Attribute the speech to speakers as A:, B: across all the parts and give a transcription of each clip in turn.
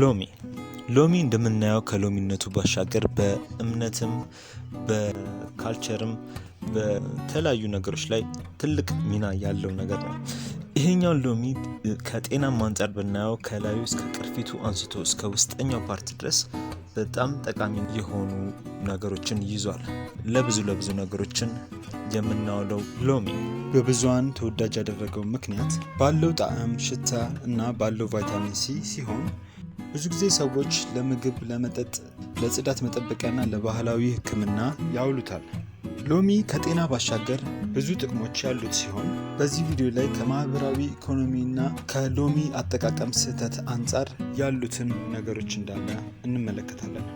A: ሎሚ ሎሚ እንደምናየው ከሎሚነቱ ባሻገር በእምነትም በካልቸርም በተለያዩ ነገሮች ላይ ትልቅ ሚና ያለው ነገር ነው። ይሄኛው ሎሚ ከጤናም አንጻር ብናየው ከላዩ እስከ ቅርፊቱ አንስቶ እስከ ውስጠኛው ፓርት ድረስ በጣም ጠቃሚ የሆኑ ነገሮችን ይዟል። ለብዙ ለብዙ ነገሮችን የምናውለው ሎሚ በብዙን ተወዳጅ ያደረገው ምክንያት ባለው ጣዕም፣ ሽታ እና ባለው ቫይታሚን ሲ ሲሆን ብዙ ጊዜ ሰዎች ለምግብ፣ ለመጠጥ፣ ለጽዳት መጠበቂያና ለባህላዊ ሕክምና ያውሉታል። ሎሚ ከጤና ባሻገር ብዙ ጥቅሞች ያሉት ሲሆን በዚህ ቪዲዮ ላይ ከማህበራዊ ኢኮኖሚና ከሎሚ አጠቃቀም ስህተት አንጻር ያሉትን ነገሮች እንዳለ እንመለከታለን።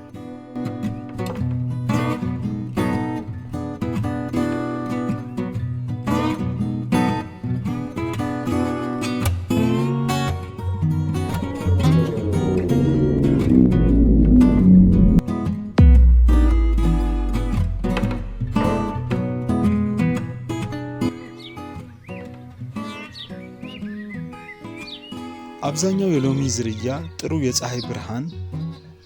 A: አብዛኛው የሎሚ ዝርያ ጥሩ የፀሐይ ብርሃን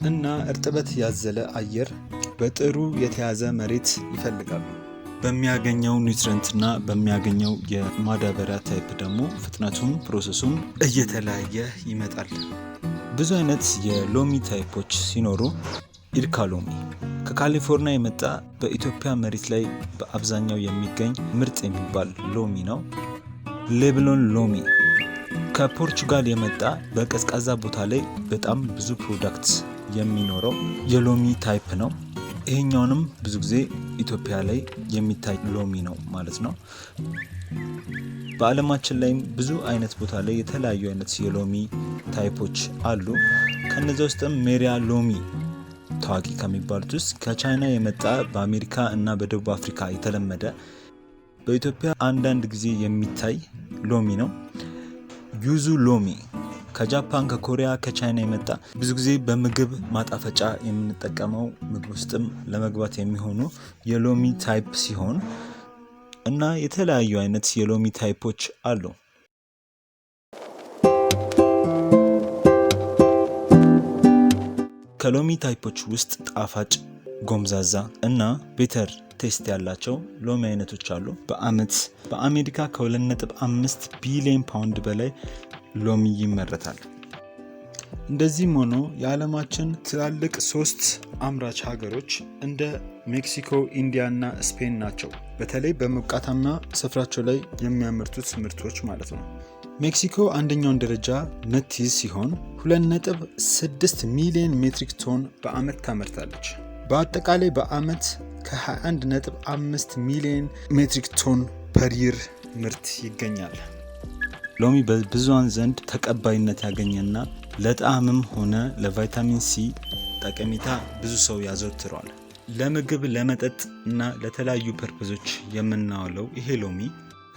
A: እና እርጥበት ያዘለ አየር በጥሩ የተያዘ መሬት ይፈልጋሉ። በሚያገኘው ኒውትረንትና በሚያገኘው የማዳበሪያ ታይፕ ደግሞ ፍጥነቱም ፕሮሰሱም እየተለያየ ይመጣል። ብዙ አይነት የሎሚ ታይፖች ሲኖሩ ኢልካ ሎሚ ከካሊፎርኒያ የመጣ በኢትዮጵያ መሬት ላይ በአብዛኛው የሚገኝ ምርጥ የሚባል ሎሚ ነው። ሌብሎን ሎሚ ከፖርቹጋል የመጣ በቀዝቃዛ ቦታ ላይ በጣም ብዙ ፕሮዳክት የሚኖረው የሎሚ ታይፕ ነው። ይሄኛውንም ብዙ ጊዜ ኢትዮጵያ ላይ የሚታይ ሎሚ ነው ማለት ነው። በዓለማችን ላይም ብዙ አይነት ቦታ ላይ የተለያዩ አይነት የሎሚ ታይፖች አሉ። ከነዚያ ውስጥም ሜሪያ ሎሚ ታዋቂ ከሚባሉት ውስጥ ከቻይና የመጣ በአሜሪካ እና በደቡብ አፍሪካ የተለመደ በኢትዮጵያ አንዳንድ ጊዜ የሚታይ ሎሚ ነው። ዩዙ ሎሚ ከጃፓን ከኮሪያ ከቻይና የመጣ ብዙ ጊዜ በምግብ ማጣፈጫ የምንጠቀመው ምግብ ውስጥም ለመግባት የሚሆኑ የሎሚ ታይፕ ሲሆን እና የተለያዩ አይነት የሎሚ ታይፖች አሉ። ከሎሚ ታይፖች ውስጥ ጣፋጭ ጎምዛዛ እና ቤተር ቴስት ያላቸው ሎሚ አይነቶች አሉ። በአመት በአሜሪካ ከ2.5 ቢሊዮን ፓውንድ በላይ ሎሚ ይመረታል። እንደዚህም ሆኖ የዓለማችን ትላልቅ ሶስት አምራች ሀገሮች እንደ ሜክሲኮ፣ ኢንዲያ እና ስፔን ናቸው። በተለይ በሞቃታማ ስፍራቸው ላይ የሚያመርቱት ምርቶች ማለት ነው። ሜክሲኮ አንደኛውን ደረጃ ምትይዝ ሲሆን 2.6 ሚሊዮን ሜትሪክ ቶን በአመት ታመርታለች። በአጠቃላይ በአመት ከ21.5 ሚሊዮን ሜትሪክ ቶን ፐሪር ምርት ይገኛል። ሎሚ በብዙሃን ዘንድ ተቀባይነት ያገኘና ለጣዕምም ሆነ ለቫይታሚን ሲ ጠቀሜታ ብዙ ሰው ያዘወትረዋል። ለምግብ ለመጠጥ እና ለተለያዩ ፐርፖዞች የምናውለው ይሄ ሎሚ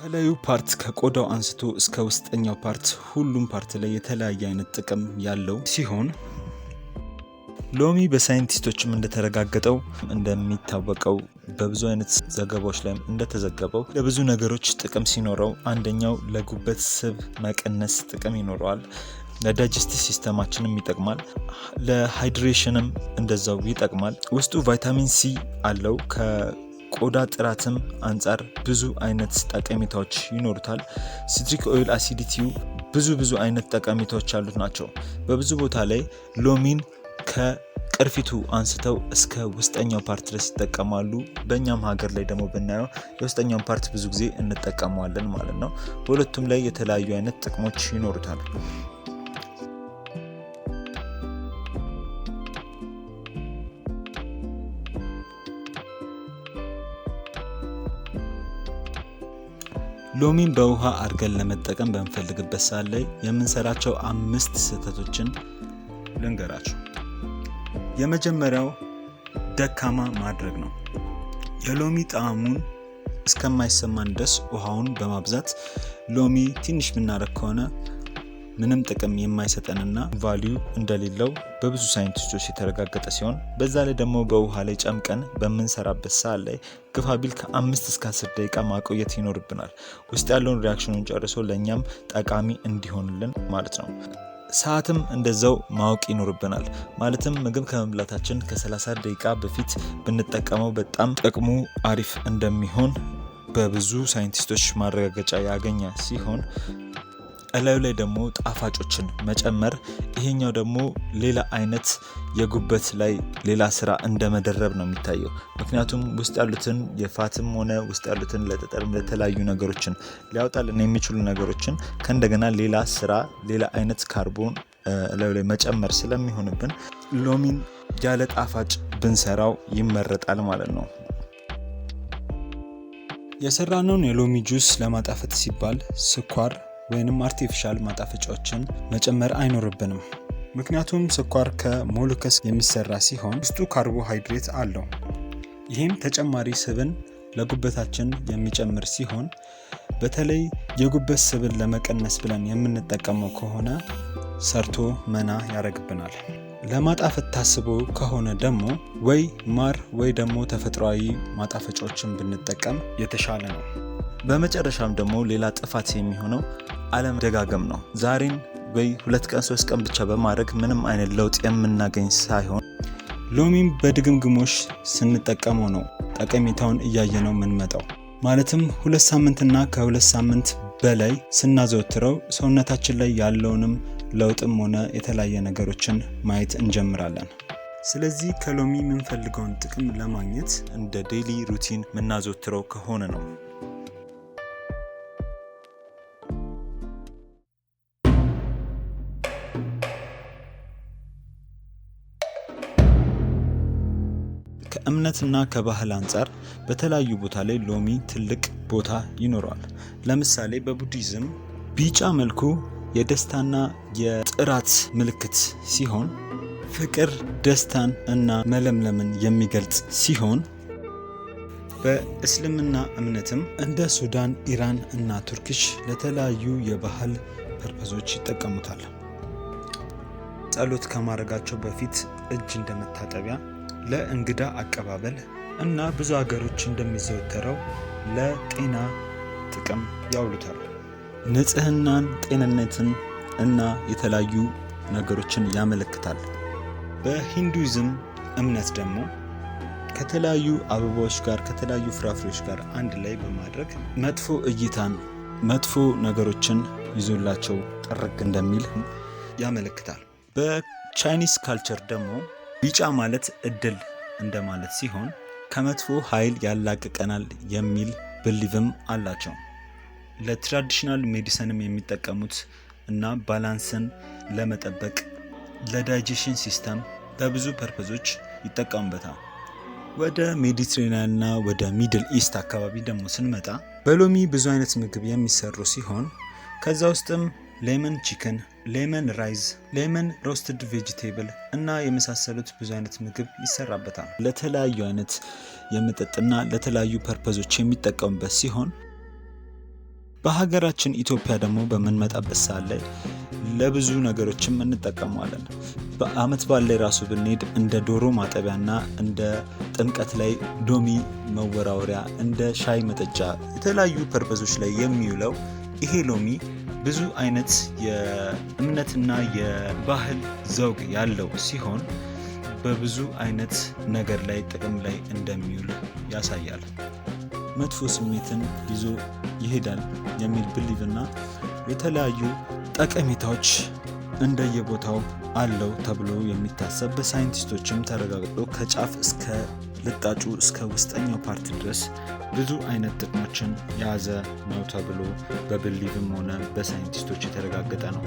A: ከላዩ ፓርት ከቆዳው አንስቶ እስከ ውስጠኛው ፓርት ሁሉም ፓርት ላይ የተለያየ አይነት ጥቅም ያለው ሲሆን ሎሚ በሳይንቲስቶችም እንደተረጋገጠው እንደሚታወቀው በብዙ አይነት ዘገባዎች ላይም እንደተዘገበው ለብዙ ነገሮች ጥቅም ሲኖረው አንደኛው ለጉበት ስብ መቀነስ ጥቅም ይኖረዋል። ለዳጅስቲ ሲስተማችንም ይጠቅማል። ለሃይድሬሽንም እንደዛው ይጠቅማል። ውስጡ ቫይታሚን ሲ አለው። ከቆዳ ጥራትም አንጻር ብዙ አይነት ጠቀሜታዎች ይኖሩታል። ሲትሪክ ኦይል አሲዲቲው ብዙ ብዙ አይነት ጠቀሜታዎች ያሉት ናቸው። በብዙ ቦታ ላይ ሎሚን ከቅርፊቱ አንስተው እስከ ውስጠኛው ፓርት ድረስ ይጠቀማሉ። በእኛም ሀገር ላይ ደግሞ ብናየው የውስጠኛውን ፓርት ብዙ ጊዜ እንጠቀመዋለን ማለት ነው። በሁለቱም ላይ የተለያዩ አይነት ጥቅሞች ይኖሩታል። ሎሚን በውሃ አድርገን ለመጠቀም በምፈልግበት ሰዓት ላይ የምንሰራቸው አምስት ስህተቶችን ልንገራችሁ። የመጀመሪያው ደካማ ማድረግ ነው። የሎሚ ጣዕሙን እስከማይሰማን ድረስ ውሃውን በማብዛት ሎሚ ትንሽ የምናደርግ ከሆነ ምንም ጥቅም የማይሰጠንና ቫሊዩ እንደሌለው በብዙ ሳይንቲስቶች የተረጋገጠ ሲሆን በዛ ላይ ደግሞ በውሃ ላይ ጨምቀን በምንሰራበት ሰዓት ላይ ግፋቢል ከአምስት እስከ አስር ደቂቃ ማቆየት ይኖርብናል። ውስጥ ያለውን ሪያክሽኑን ጨርሶ ለእኛም ጠቃሚ እንዲሆንልን ማለት ነው። ሰዓትም እንደዛው ማወቅ ይኖርብናል። ማለትም ምግብ ከመብላታችን ከ30 ደቂቃ በፊት ብንጠቀመው በጣም ጥቅሙ አሪፍ እንደሚሆን በብዙ ሳይንቲስቶች ማረጋገጫ ያገኘ ሲሆን እላዩ ላይ ደግሞ ጣፋጮችን መጨመር። ይሄኛው ደግሞ ሌላ አይነት የጉበት ላይ ሌላ ስራ እንደ መደረብ ነው የሚታየው። ምክንያቱም ውስጥ ያሉትን የፋትም ሆነ ውስጥ ያሉትን ለጠጠርም ለተለያዩ ነገሮችን ሊያወጣልን የሚችሉ ነገሮችን ከእንደገና ሌላ ስራ ሌላ አይነት ካርቦን እላዩ ላይ መጨመር ስለሚሆንብን ሎሚን ያለ ጣፋጭ ብንሰራው ይመረጣል ማለት ነው። የሰራነውን የሎሚ ጁስ ለማጣፈጥ ሲባል ስኳር ወይንም አርቲፊሻል ማጣፈጫዎችን መጨመር አይኖርብንም። ምክንያቱም ስኳር ከሞሉከስ የሚሰራ ሲሆን ውስጡ ካርቦሃይድሬት አለው። ይህም ተጨማሪ ስብን ለጉበታችን የሚጨምር ሲሆን በተለይ የጉበት ስብን ለመቀነስ ብለን የምንጠቀመው ከሆነ ሰርቶ መና ያደርግብናል። ለማጣፈት ታስቦ ከሆነ ደግሞ ወይ ማር ወይ ደግሞ ተፈጥሯዊ ማጣፈጫዎችን ብንጠቀም የተሻለ ነው። በመጨረሻም ደግሞ ሌላ ጥፋት የሚሆነው አለመደጋገም ነው። ዛሬን ወይ ሁለት ቀን ሶስት ቀን ብቻ በማድረግ ምንም አይነት ለውጥ የምናገኝ ሳይሆን ሎሚም በድግምግሞሽ ስንጠቀመው ነው ጠቀሜታውን እያየነው የምንመጣው። ማለትም ሁለት ሳምንትና ከሁለት ሳምንት በላይ ስናዘወትረው ሰውነታችን ላይ ያለውንም ለውጥም ሆነ የተለያየ ነገሮችን ማየት እንጀምራለን። ስለዚህ ከሎሚ የምንፈልገውን ጥቅም ለማግኘት እንደ ዴይሊ ሩቲን የምናዘወትረው ከሆነ ነው ከእምነትና ከባህል አንጻር በተለያዩ ቦታ ላይ ሎሚ ትልቅ ቦታ ይኖረዋል። ለምሳሌ በቡዲዝም ቢጫ መልኩ የደስታና የጥራት ምልክት ሲሆን ፍቅር ደስታን እና መለምለምን የሚገልጽ ሲሆን በእስልምና እምነትም እንደ ሱዳን፣ ኢራን እና ቱርኪሽ ለተለያዩ የባህል ፐርፐዞች ይጠቀሙታል። ጸሎት ከማድረጋቸው በፊት እጅ እንደመታጠቢያ ለእንግዳ አቀባበል እና ብዙ ሀገሮች እንደሚዘወተረው ለጤና ጥቅም ያውሉታል። ንጽህናን፣ ጤንነትን እና የተለያዩ ነገሮችን ያመለክታል። በሂንዱይዝም እምነት ደግሞ ከተለያዩ አበባዎች ጋር ከተለያዩ ፍራፍሬዎች ጋር አንድ ላይ በማድረግ መጥፎ እይታን መጥፎ ነገሮችን ይዞላቸው ጥርግ እንደሚል ያመለክታል። በቻይኒስ ካልቸር ደግሞ ቢጫ ማለት እድል እንደማለት ሲሆን ከመጥፎ ኃይል ያላቅቀናል የሚል ብሊቭም አላቸው። ለትራዲሽናል ሜዲሰንም የሚጠቀሙት እና ባላንስን ለመጠበቅ ለዳይጀሽን ሲስተም በብዙ ፐርፐዞች ይጠቀሙበታል። ወደ ሜዲትሬኒያን እና ወደ ሚድል ኢስት አካባቢ ደግሞ ስንመጣ በሎሚ ብዙ አይነት ምግብ የሚሰሩ ሲሆን ከዛ ውስጥም ሌመን ቺክን፣ ሌመን ራይዝ፣ ሌመን ሮስትድ ቬጅቴብል እና የመሳሰሉት ብዙ አይነት ምግብ ይሰራበታል። ለተለያዩ አይነት የመጠጥና ለተለያዩ ፐርፐዞች የሚጠቀሙበት ሲሆን በሀገራችን ኢትዮጵያ ደግሞ በምንመጣበት ሰዓት ላይ ለብዙ ነገሮችም እንጠቀመዋለን። በአመት በዓል ላይ ራሱ ብንሄድ እንደ ዶሮ ማጠቢያና እንደ ጥምቀት ላይ ዶሚ መወራወሪያ፣ እንደ ሻይ መጠጫ የተለያዩ ፐርፐዞች ላይ የሚውለው ይሄ ሎሚ ብዙ አይነት የእምነትና የባህል ዘውግ ያለው ሲሆን በብዙ አይነት ነገር ላይ ጥቅም ላይ እንደሚውል ያሳያል። መጥፎ ስሜትን ይዞ ይሄዳል የሚል ብሊቭና የተለያዩ ጠቀሜታዎች እንደየቦታው አለው ተብሎ የሚታሰብ በሳይንቲስቶችም ተረጋግጦ ከጫፍ እስከ ልጣጩ እስከ ውስጠኛው ፓርቲ ድረስ ብዙ አይነት ጥቅሞችን የያዘ ነው ተብሎ በብሊቭም ሆነ በሳይንቲስቶች የተረጋገጠ ነው።